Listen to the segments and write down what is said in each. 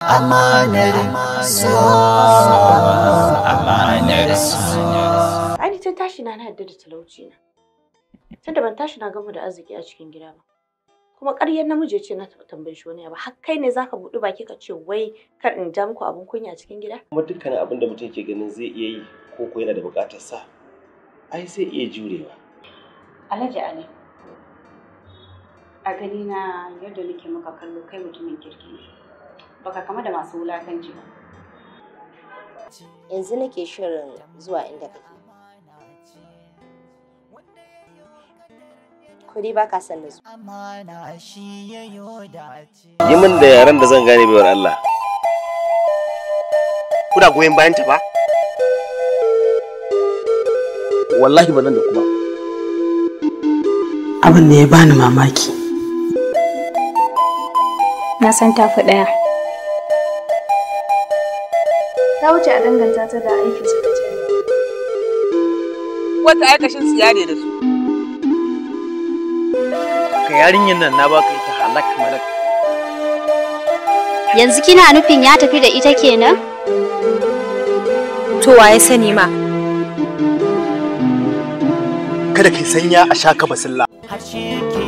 Amanar tun tashi na na da talauci na. Tunda ban tashi na gamu da arziki a cikin gida ba. Kuma ƙaryar namiji ce na tambaye shi wani abu. Har kai ne zaka buɗi baki ka ce wai kar in ja muku abin kunya a cikin gida? Kuma dukkanin abin da mutum ke ganin zai iya yi ko ko yana da buƙatar sa. Ai zai iya jurewa. Alhaji Ali. A gani na yadda nake maka kallo kai mutumin kirki ne. baka kama da masu wulakanci ba yanzu nake shirin zuwa inda kake kuri ba ka san da su yi min da yaren da zan gane baiwar Allah kuna goyon bayan ta ba wallahi ba nan da kuma abin da ya bani mamaki na san tafi ɗaya ta wuce a danganta ta da aikin su da jami'a. Wata aikashin su yare da su. Ka yarinyar nan na baka ita halak malak. Yanzu kina nufin ya tafi da ita kenan? To waye sani ma. Kada kai sanya a sha ka basilla. Hashe ke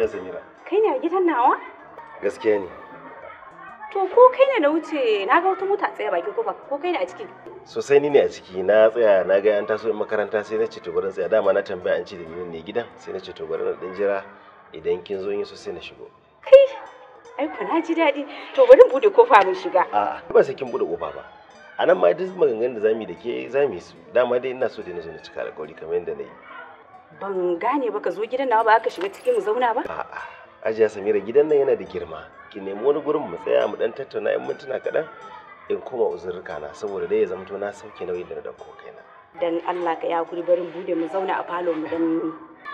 lafiya samira kai ne a gidan nawa gaskiya ne to ko kai ne na wuce na ga wata mota tsaya bakin kofa ko kai ne a ciki sosai ni ne a ciki na tsaya na ga an taso in makaranta sai na ce to gurin tsaya dama na tambaya an ce da ni ne gidan sai na ce to gurin dan jira idan kin zo yin so sai na shigo kai ai ku na ji daɗi to bari bude kofa mun shiga a'a ba sai kin bude kofa ba a nan ma duk maganganun da zamu yi da ke zamu yi su dama dai ina so da na zo na cika alƙawari kamar yadda na yi Ban gane ba ka zo gidan nawa ba ka shiga cikin mu zauna ba? A'a. Ajiya Samira gidan nan yana da girma. Ki nemi wani gurin mu tsaya mu dan tattauna in mintuna kaɗan in koma uzurruka na saboda dai ya zamto na sauke nauyin da na dauko kaina. Dan Allah ka ya guri barin bude mu zauna a falon mu dan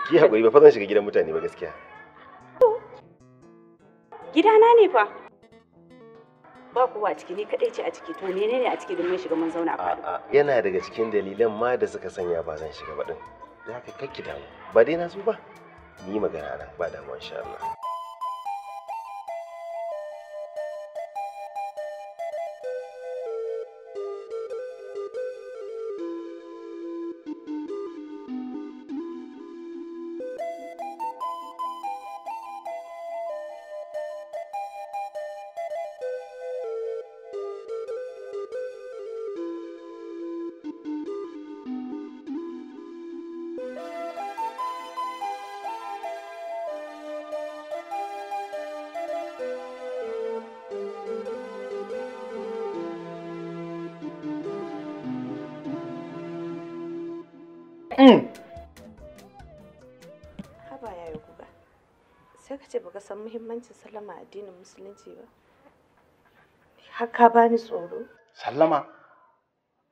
Ki hakuri ba fa zan shiga gidan mutane ba gaskiya. Gidana ne fa. Ba kowa ciki ni kadai ce a ciki to menene a ciki don mun shiga mun zauna a falo. Yana daga cikin dalilan ma da suka sanya ba zan shiga ba din. da haka kakki damu ba dai na zo ba ni magana nan ba damuwa insha Allah kace baka san muhimmancin sallama a addinin musulunci ba har ka bani tsoro sallama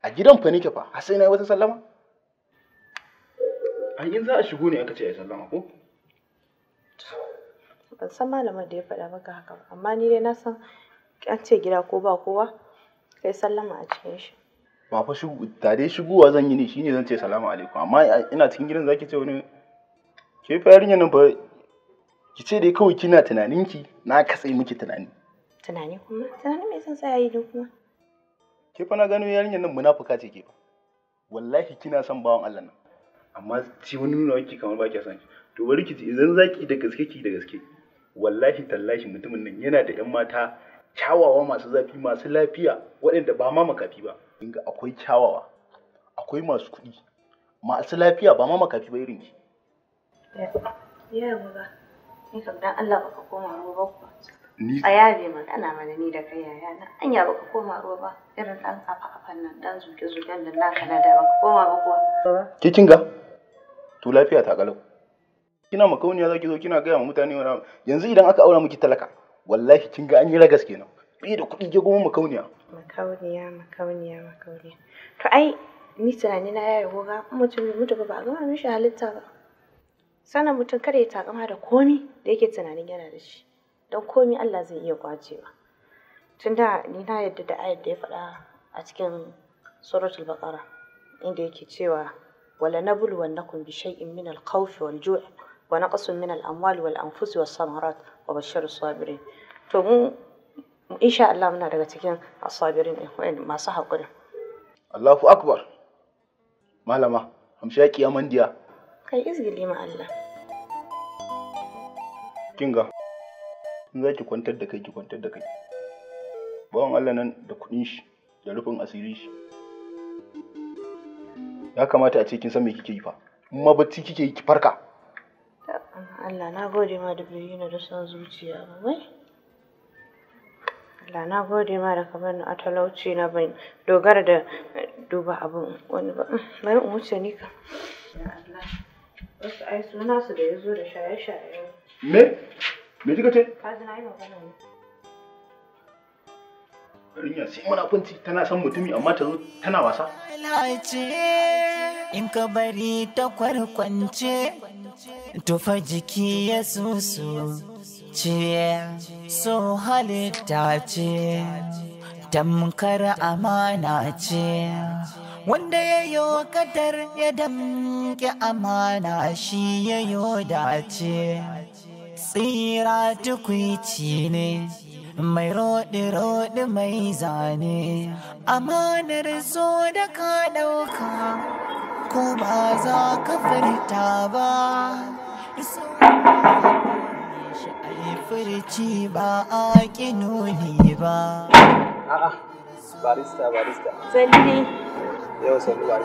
a gidan fa nike fa har sai na yi wata sallama an yin za a shigo ne aka ce ai sallama ko ban san malamar da ya faɗa maka haka ba amma ni dai na san an ce gida ko ba kowa kai sallama a cikin shi ba fa shigo da dai shigowa zan yi ne shine zan ce salamu alaikum amma ina cikin gidan zaki ce wani ke fa yarinya nan fa ki ce dai kawai kina tunanin ki na katse miki tunani tunani kuma tunani mai son tsaya ido kuma ke fa na gano yarinyar nan munafuka ce ke fa wallahi kina son bawan Allah nan amma ci wani nuna wanki kamar ba ki san shi to bari ki ji idan zaki da gaske ki da gaske wallahi tallahi mutumin nan yana da yan mata kyawawa masu zafi masu lafiya waɗanda ba ma makafi ba inga akwai kyawawa akwai masu kuɗi masu lafiya ba ma makafi ba irin ki ya ba Ni kam dan Allah baka koma ruwa ba Ni a yabe magana mana ni da kai yaya na. an Anya baka koma ruwa ba irin dan kafa kafan nan dan zuke zuken nan naka na da baka koma ba kuwa. Ke kin ga? To lafiya ta kalau. Kina makauniya zaki zo kina gaya ma mutane wa? yanzu idan aka aura miki talaka wallahi kin ga an yi ragas kenan. Bi da kuɗi ke goma makauniya. Makauniya makauniya makauniya. To ai ni tunani na ya yi goga mutum mutu ba a gama mishi halitta ba. sannan mutum kada ya takama da komi da yake tunanin yana da shi don komi Allah zai iya kwacewa tun da ni na yadda da ayat da ya faɗa a cikin suratul baqara inda yake cewa wala nablu kun bi shay'in min al-khawfi wal ju' wa naqsun min al-amwali wal anfusi was samarat wa bashshirus sabirin to mu insha Allah muna daga cikin ne, sabirin masu haƙuri Allahu akbar malama hamshaki amandiya kai izgili ma Allah kinga in za ki kwantar da kai ki kwantar da kai bawan Allah nan da kuɗin shi da rufin asiri shi ya kamata a ce kin san me kike yi fa in ma bacci kike yi ki farka Allah na gode ma da bayyana da son zuciya ba mai Allah na gode ma da ka bani a talauci na ban dogara da duba abin wani ba bari in wuce ni ka Allah Wasu ai suna Me? Me kika ce? Ka ji na yi magana Rinya sai munafunci tana son mutumi amma ta zo tana wasa. In ka bari ta kwarkwance, tufa jiki ya susu ce, so halitta ce, tamkar amana ce. wanda ya yi kadar ya damke amana shi ya yi dace tsira tukwici ne mai roɗi-roɗi mai zane amanar zo da ka ɗauka ko ba za ka furta ba furci ba a ƙi ba a'a barista barista Yau sallah.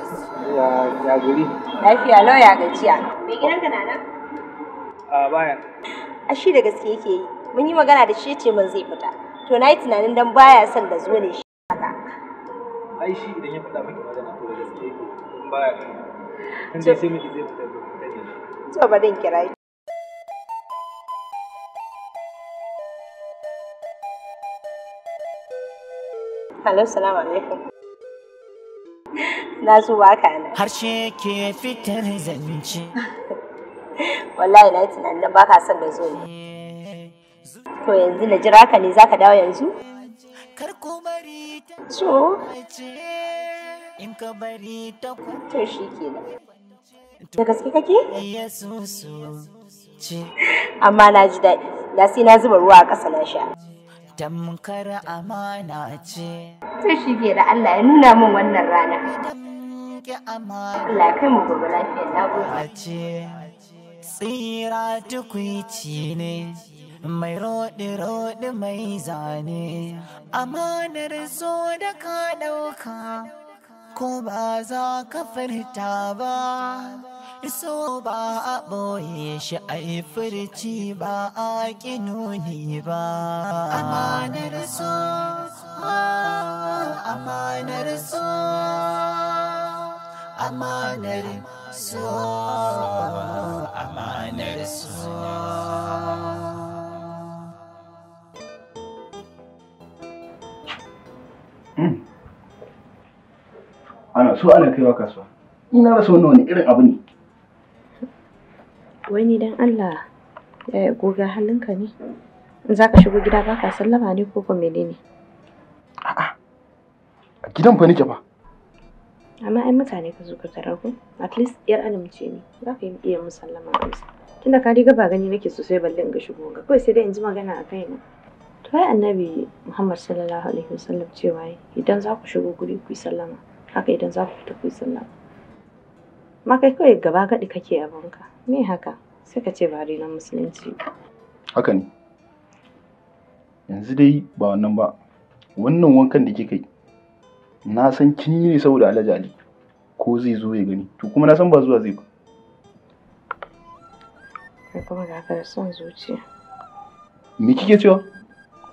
Ya ya guri. Lafiya lau ya gajiya. Me gidanka na nan? A baya. A shi da gaske yake yi. Mun yi magana da shi ce mun zai fita. To na yi tunanin dan baya son da zo ne shi haka. Ai shi idan ya faɗa miki magana to da gaske yake in baya kan. Kan dai sai miki zai fita to fita ne. To ba dan kira Hello, salam alaikum. na zo ba ka nan harshe ke fitar zance wallahi na yi tunanin ba ka son da zo ne to yanzu na jira ka ne za ka dawo yanzu so to shi kenan da gaske kake amma na ji daɗi Na sai na zuba ruwa a ƙasa na sha tamkar amana ce da Allah ya nuna min wannan rana yanke amara. Allah mu gobe lafiya na gobe. Tsira tukwici ne, mai rodi rodi mai zane, amanar zo da ka ɗauka, ko ba za ka furta ba. So ba a ɓoye shi a yi furci ba a nuni ba. Amanar so, ah, amanar so. amanar su amanar su ana so ana kaiwa kasuwa ina rasa wannan wani irin abu ne Wai ni dan Allah ya goga halinka ne in za ka shigo gida ba ka sallama ne ko ko menene a'a a gidan fa nake ba amma ai mutane ka zo ka tarar ku at least yar adam ce ne za ka iya musallama su tunda ka riga ba gani nake sosai balle in ga shigo ga kawai sai dai in ji magana a kaina to ai annabi muhammad sallallahu alaihi wasallam cewa idan za ku shigo guri ku yi sallama haka idan za ku fita ku yi sallama ma kai kawai gaba gadi kake banka me haka sai ka ce ba na musulunci haka ne yanzu dai ba wannan ba wannan wankan da kika yi na san kin yi ne saboda alhaji ali ko zai zo ya gani to kuma na san ba zuwa zai ba kai kuma ga ka da son zuciya me kike cewa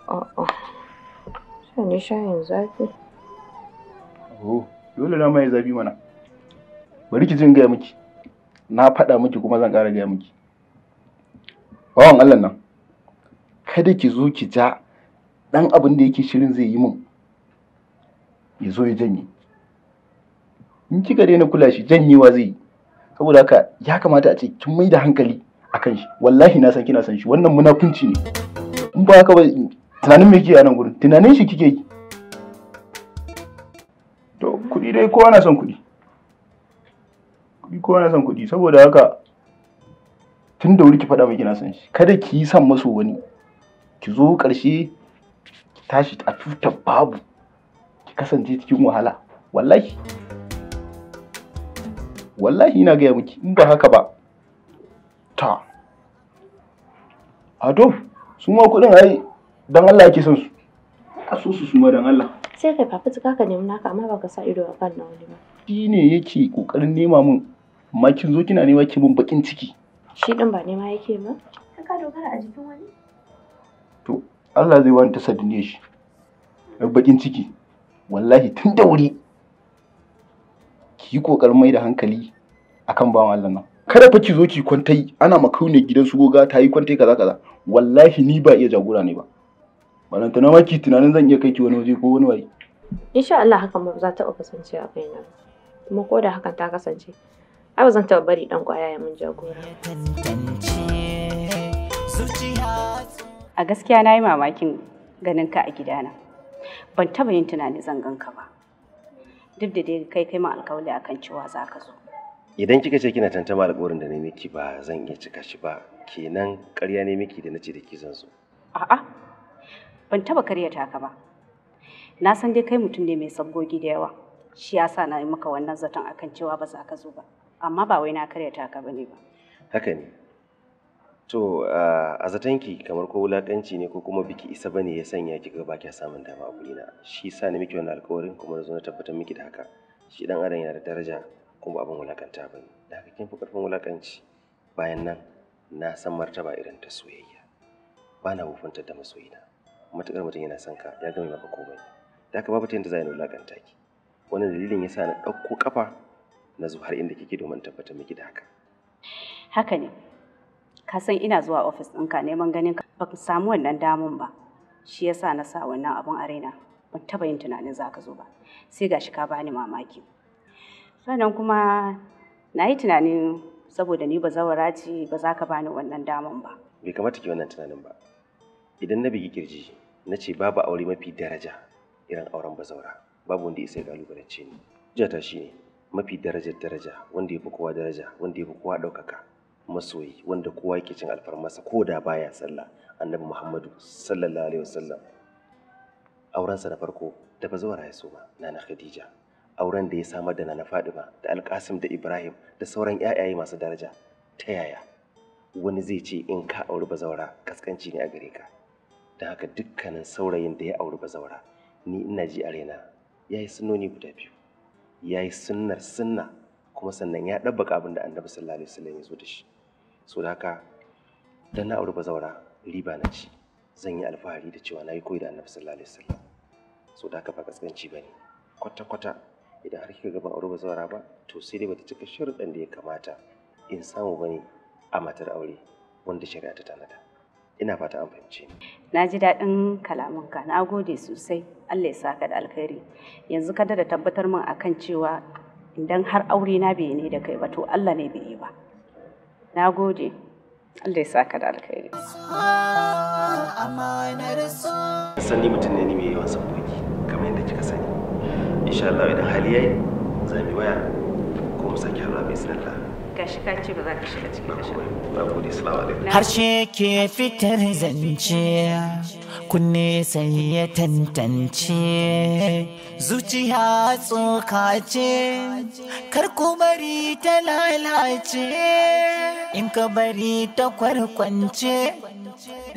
a shan ne shayin zafi oh dole na mai zafi mana bari ki jin gaya miki na faɗa miki kuma zan ƙara gaya miki bawan allah nan kada ki zo ki ja ɗan abin da yake shirin zai yi min ya zo ya janye in kika daina kula shi janyewa zai yi saboda haka ya kamata a ce kin mai da hankali akan shi wallahi na san kina san shi wannan munafunci ne in ba haka ba tunanin me kike a nan gurin tunanin shi kike yi to kuɗi dai kowa na son kuɗi kuɗi kowa na son kuɗi saboda haka tun da wuri ki faɗa mai kina san shi kada ki yi son maso wani ki zo ƙarshe tashi a tutar babu kasance cikin wahala wallahi wallahi ina gaya miki in ba haka ba ta a to su ma kuɗin ai don Allah ke son su a so su su ma don Allah sai kai fafutuka ka nemi naka amma baka sa ido a kan na wani ba shi ne yake kokarin nema min amma kin zo kina nema ki min bakin ciki shi din ba nema yake ba ka dogara a jikin wani to Allah zai wani tasadin ne shi bakin ciki wallahi tun da wuri ki yi kokarin mai da hankali akan bawan Allah nan kada fa ki zo ki kwantai ana makaune gidan su goga ta yi kwantai kaza kaza wallahi ni ba iya jagora ne ba balanta na maki tunanin zan iya kai ki wani waje ko wani waje insha Allah hakan ba za ta taɓa kasance a kaina kuma ko da hakan ta kasance ai ba zan taɓa bari dan kwaya ya mun jagora a gaskiya na yi mamakin ganin ka a gidana ban taba yin tunanin zan ganka ba duk da dai kai kai ma alkawali akan cewa za ka zo idan kika ce kina tantama alƙawarin da ne miki ba zan iya cika shi ba kenan ƙarya ne miki da na nace da ki zan zo a'a ban taba karyata ka ba na san dai kai mutum ne mai sabgogi da yawa shi yasa na yi maka wannan zaton akan cewa ba za ka zo ba amma ba wai na karyata ka bane ba haka ne To a ki kamar ko wulakanci ne ko kuma biki isa bane ya sanya ki ga baki samun dama a gurina. Shi yasa ne miki wannan alƙawarin kuma na zo na tabbatar miki da haka. Shi dan adam yana da daraja kuma abin wulakanta bane. Da haka kin fi karfin wulakanci. Bayan nan na san martaba irin ta soyayya. Ba na da masoyina. Matukar mutum yana son ka ya gama maka komai. Da haka babu ta yadda za a yi wulakanta ki. Wannan dalilin sa na ɗauko ƙafa na zo har inda kike domin tabbatar miki da haka. Haka ne. ka san ina zuwa ofis ɗinka neman ganin ka ba ka samu wannan damun ba shi yasa na sa wannan abun a raina ban taba yin tunanin za ka zo ba sai ga shi ka bani mamaki sannan kuma na yi tunanin saboda ni ba zawara ce ba za ka bani wannan damun ba bai kamata ki wannan tunanin ba idan na bigi kirji na ce babu aure mafi daraja irin auren bazaura babu wanda ya sai kalubalance ni jata ne. mafi darajar daraja wanda ya fi kowa daraja wanda ya fi kowa ɗaukaka masoyi wanda kowa yake cin alfarmarsa ko da baya sallah annabi muhammadu sallallahu alaihi wasallam aurensa na farko da bazawara ya ba nana khadija auren da ya samar da nana fadima da alkasim da ibrahim da sauran yayaye masu daraja ta yaya wani zai ce in ka auri bazaura, kaskanci ne a gare ka don haka dukkanin saurayin da ya auri bazaura ni ina ji a raina ya yi sunnoni guda biyu ya yi sunnar sunna kuma sannan ya ɗabbaka abin annabi sallallahu alaihi wasallam ya zo da shi so da haka dan na auri bazaura riba na ci zan yi alfahari da cewa na yi koyi da annabi sallallahu alaihi wasallam so da haka ba kaskanci bane kwata-kwata idan har kika gaban aure ba ba to sai dai bata cika sharuɗan da ya kamata in samu bane a matar aure wanda shari'a ta tanada ina fata an fahimce ni na ji daɗin kalamanka na gode sosai Allah ya saka da alkhairi yanzu ka da tabbatar min akan cewa idan har aure na bai ne da kai ba to Allah ne bai yi ba Na gode. Allah ya saka da alkhairi. Sani mutum ne ni mai yawan sabboki kamar yadda kika sani. Insha Allah idan hali yayi za mu waya ko mu saki harra bai sanar harshe ke fitar zance kunne sai ya tantance zuciya tsoka ce kar ku bari ta lalace in ka bari ta kwarkwance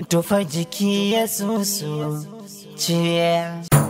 tufa jiki ya susu ce